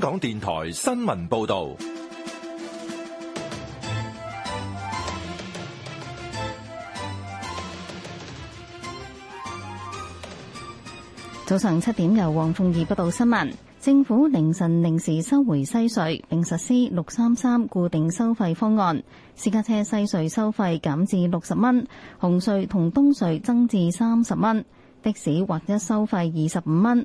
港電台新聞報道：早上七點，由黃鳳儀報道新聞。政府凌晨零時收回西隧，並實施六三三固定收費方案。私家車西隧收費減至六十蚊，紅隧同東隧增至三十蚊，的士或一收費二十五蚊。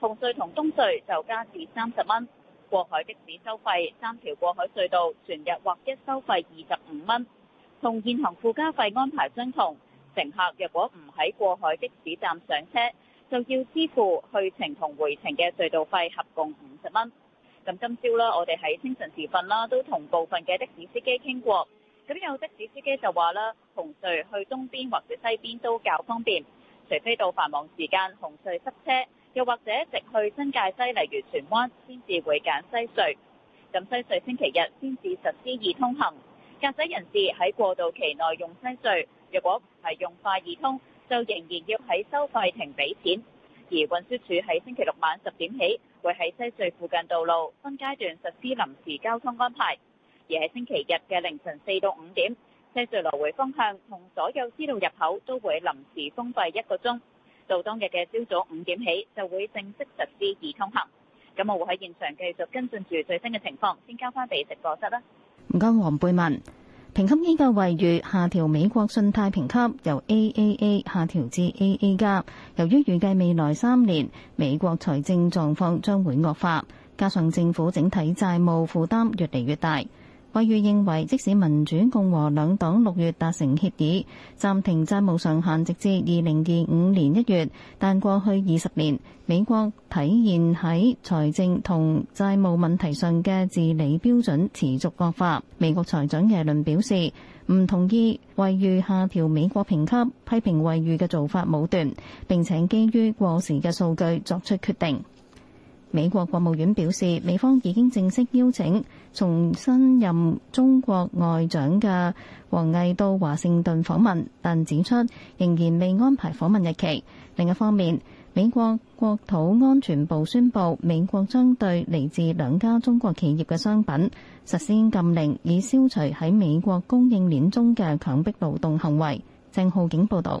紅隧同東隧就加至三十蚊，過海的士收費三條過海隧道全日劃一收費二十五蚊，同現行附加費安排相同。乘客若果唔喺過海的士站上車，就要支付去程同回程嘅隧道費，合共五十蚊。咁今朝啦，我哋喺清晨時分啦，都同部分嘅的，的士司機傾過，咁有的士司機就話啦，紅隧去東邊或者西邊都較方便，除非到繁忙時間紅隧塞車。又或者直去新界西，例如荃灣，先至會揀西隧。咁西隧星期日先至實施易通行，駕駛人士喺過渡期內用西隧，若果唔係用快易通，就仍然要喺收費亭俾錢。而運輸署喺星期六晚十點起，會喺西隧附近道路分階段實施臨時交通安排。而喺星期日嘅凌晨四到五點，西隧來回方向同所有支路入口都會臨時封閉一個鐘。到當日嘅朝早五點起，就會正式實施而通行。咁我會喺現場繼續跟進住最新嘅情況，先交翻俾直播室啦。唔該，黃貝文，評級機構惠譽下調美國信貸評級，由 AAA 下調至 AA 加。由於預計未來三年美國財政狀況將會惡化，加上政府整體債務負擔越嚟越大。惠譽認為，即使民主共和兩黨六月達成協議，暫停債務上限直至二零二五年一月，但過去二十年美國體現喺財政同債務問題上嘅治理標準持續惡化。美國財長耶倫表示，唔同意惠譽下調美國評級，批評惠譽嘅做法武斷，並且基於過時嘅數據作出決定。美國國務院表示，美方已經正式邀請重新任中國外長嘅王毅到華盛頓訪問，但指出仍然未安排訪問日期。另一方面，美國國土安全部宣布，美國將對嚟自兩家中國企業嘅商品實施禁令，以消除喺美國供應鏈中嘅強迫勞動行為。鄭浩景報道。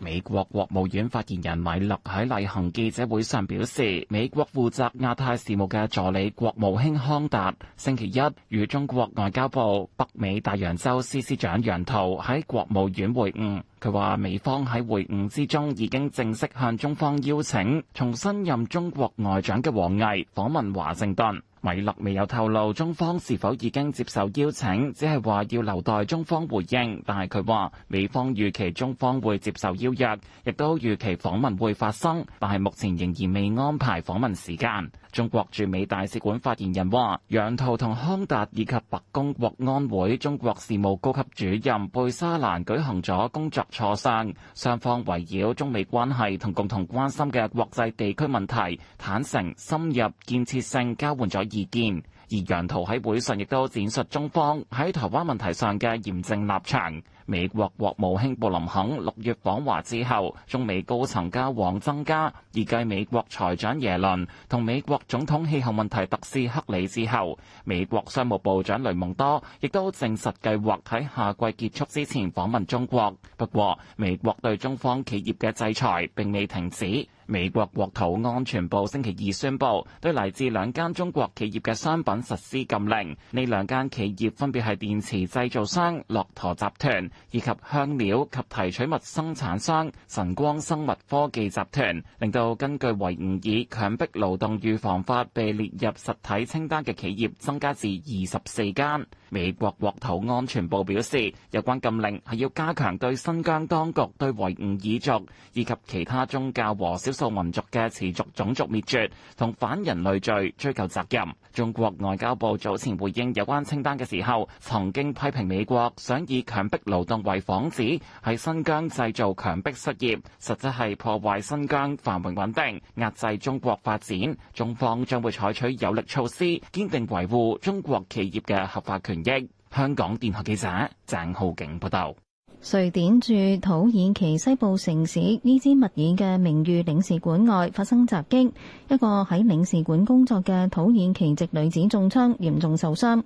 美國國務院發言人米勒喺例行記者會上表示，美國負責亞太事務嘅助理國務卿康達星期一與中國外交部北美大洋洲司司長楊濤喺國務院會晤。佢話美方喺會晤之中已經正式向中方邀請，重新任中國外長嘅王毅訪問華盛頓。米勒未有透露中方是否已經接受邀請，只係話要留待中方回應，但係佢話美方預期中方會接受邀約，亦都預期訪問會發生，但係目前仍然未安排訪問時間，中國駐美大使館發言人話楊濤同康達以及白宮國安會中國事務高級主任貝沙蘭舉行咗工作磋商，雙方圍繞中美關係同共同關心嘅國際地區問題，坦誠深入建設性交換咗。意見，而楊濤喺會上亦都展述中方喺台灣問題上嘅嚴正立場。美國國務卿布林肯六月訪華之後，中美高層交往增加，而繼美國財長耶倫同美國總統氣候問題特使克里之後，美國商務部長雷蒙多亦都證實計劃喺夏季結束之前訪問中國。不過，美國對中方企業嘅制裁並未停止。美國國土安全部星期二宣布，對嚟自兩間中國企業嘅商品實施禁令。呢兩間企業分別係電池製造商駱駝集團以及香料及提取物生產商晨光生物科技集團，令到根據維吾爾強迫勞動預防法被列入實體清單嘅企業增加至二十四間。美國國土安全部表示，有關禁令係要加強對新疆當局對維吾爾族以及其他宗教和少數民族嘅持續種族滅絕同反人類罪追究責任。中國外交部早前回應有關清單嘅時候，曾經批評美國想以強迫勞動為幌子喺新疆製造強迫失業，實質係破壞新疆繁榮穩定、壓制中國發展。中方將會採取有力措施，堅定維護中國企業嘅合法權。香港電台記者鄭浩景報道：瑞典駐土耳其西部城市伊茲密爾嘅名譽領事館外發生襲擊，一個喺領事館工作嘅土耳其籍，籍女子中槍，嚴重受傷。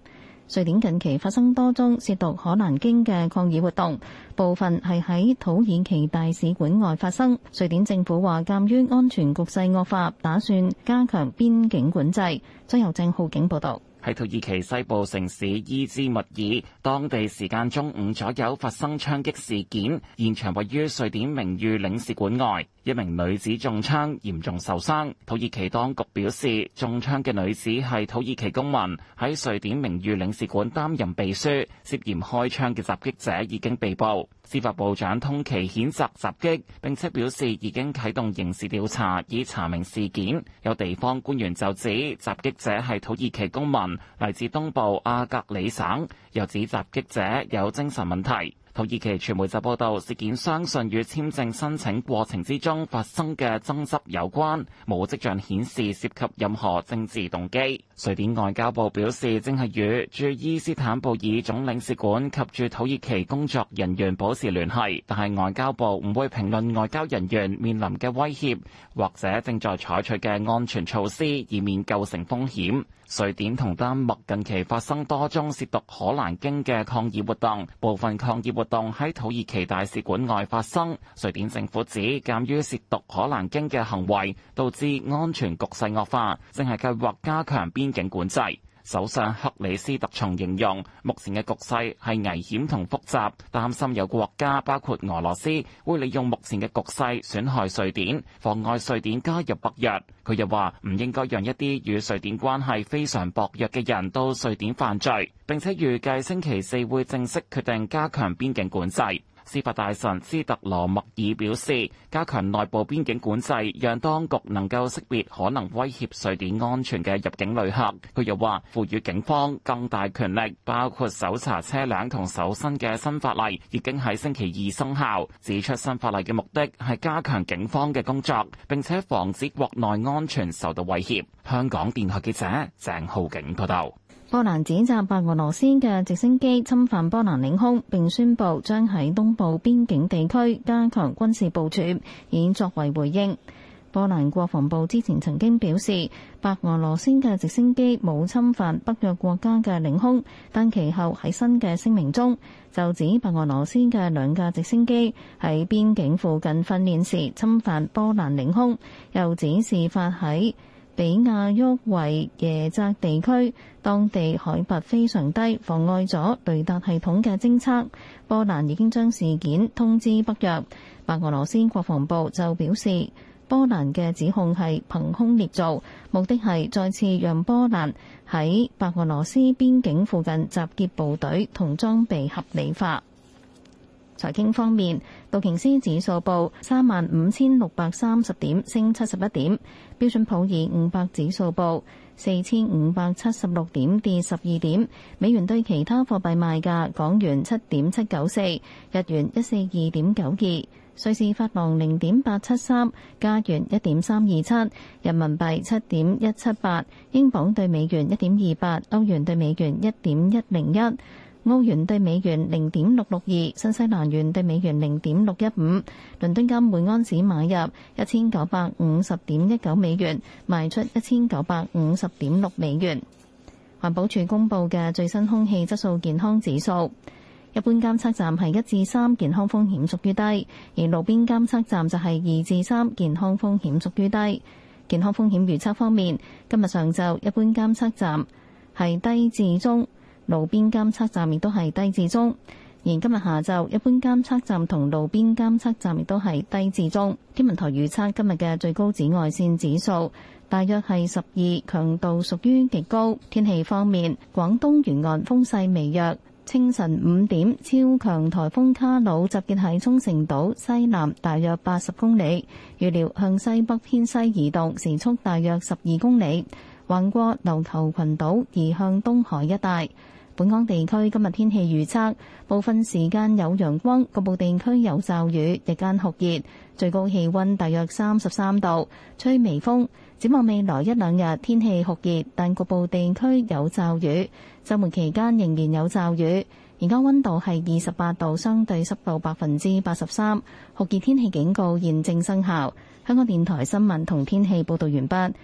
瑞典近期發生多宗涉毒可蘭經嘅抗議活動，部分係喺土耳其大使館外發生。瑞典政府話，鑑於安全局勢惡化，打算加強邊境管制。均由鄭浩景報道。喺土耳其西部城市伊茲密爾，當地時間中午左右發生槍擊事件，現場位於瑞典名譽領事館外，一名女子中槍嚴重受傷。土耳其當局表示，中槍嘅女子係土耳其公民，喺瑞典名譽領事館擔任秘書，涉嫌開槍嘅襲擊者已經被捕。司法部長通其譴責襲擊，並且表示已經啟動刑事調查，以查明事件。有地方官員就指襲擊者係土耳其公民，嚟自東部阿格里省，又指襲擊者有精神問題。土耳其傳媒就報道事件，相信與簽證申請過程之中發生嘅爭執有關，冇跡象顯示涉及任何政治動機。瑞典外交部表示，正係與駐伊斯坦布爾總領事館及駐土耳其工作人員保持聯繫，但係外交部唔會評論外交人員面臨嘅威脅或者正在採取嘅安全措施，以免構成風險。瑞典同丹麥近期發生多宗涉毒可蘭經嘅抗議活動，部分抗議活動喺土耳其大使館外發生。瑞典政府指，鑒於涉毒可蘭經嘅行為導致安全局勢惡化，正係計劃加強邊境管制。首相克里斯特松形容目前嘅局勢係危險同複雜，擔心有國家包括俄羅斯會利用目前嘅局勢損害瑞典，妨礙瑞典加入北約。佢又話唔應該讓一啲與瑞典關係非常薄弱嘅人到瑞典犯罪，並且預計星期四會正式決定加強邊境管制。司法大臣斯特羅默爾表示，加強內部邊境管制，讓當局能夠識別可能威脅瑞典安全嘅入境旅客。佢又話，賦予警方更大權力，包括搜查車輛同搜身嘅新法例，已經喺星期二生效。指出新法例嘅目的係加強警方嘅工作，並且防止國內安全受到威脅。香港電台記者鄭浩景報道。波蘭指責白俄羅斯嘅直升機侵犯波蘭領空，並宣布將喺東部邊境地區加強軍事部署，以作為回應。波蘭國防部之前曾經表示，白俄羅斯嘅直升機冇侵犯北約國家嘅領空，但其後喺新嘅聲明中就指白俄羅斯嘅兩架直升機喺邊境附近訓練時侵犯波蘭領空，又指事發喺比亞沃維耶澤地區當地海拔非常低，妨礙咗雷達系統嘅偵測。波蘭已經將事件通知北約，白俄羅斯國防部就表示，波蘭嘅指控係憑空捏造，目的係再次讓波蘭喺白俄羅斯邊境附近集結部隊同裝備合理化。財經方面，道瓊斯指數報三萬五千六百三十點，升七十一點；標準普爾五百指數報四千五百七十六點，跌十二點。美元對其他貨幣賣價，港元七點七九四，日元一四二點九二，瑞士法郎零點八七三，加元一點三二七，人民幣七點一七八，英鎊對美元一點二八，歐元對美元一點一零一。歐元對美元零點六六二，新西蘭元對美元零點六一五，倫敦金每安士買入一千九百五十點一九美元，賣出一千九百五十點六美元。環保署公布嘅最新空氣質素健康指數，一般監測站係一至三，健康風險屬於低，而路邊監測站就係二至三，健康風險屬於低。健康風險預測方面，今日上晝一般監測站係低至中。路邊監測站亦都係低至中，而今日下晝一般監測站同路邊監測站亦都係低至中。天文台預測今日嘅最高紫外線指數大約係十二，強度屬於極高。天氣方面，廣東沿岸風勢微弱。清晨五點，超強台風卡努集結喺沖繩島西南大約八十公里，預料向西北偏西移動，時速大約十二公里，橫過琉球群島移向東海一帶。本港地區今日天氣預測，部分時間有陽光，局部地區有驟雨，日間酷熱，最高氣温大約三十三度，吹微風。展望未來一兩日，天氣酷熱，但局部地區有驟雨，週末期間仍然有驟雨。而家温度係二十八度，相對濕度百分之八十三，酷熱天氣警告現正生效。香港電台新聞同天氣報導完畢。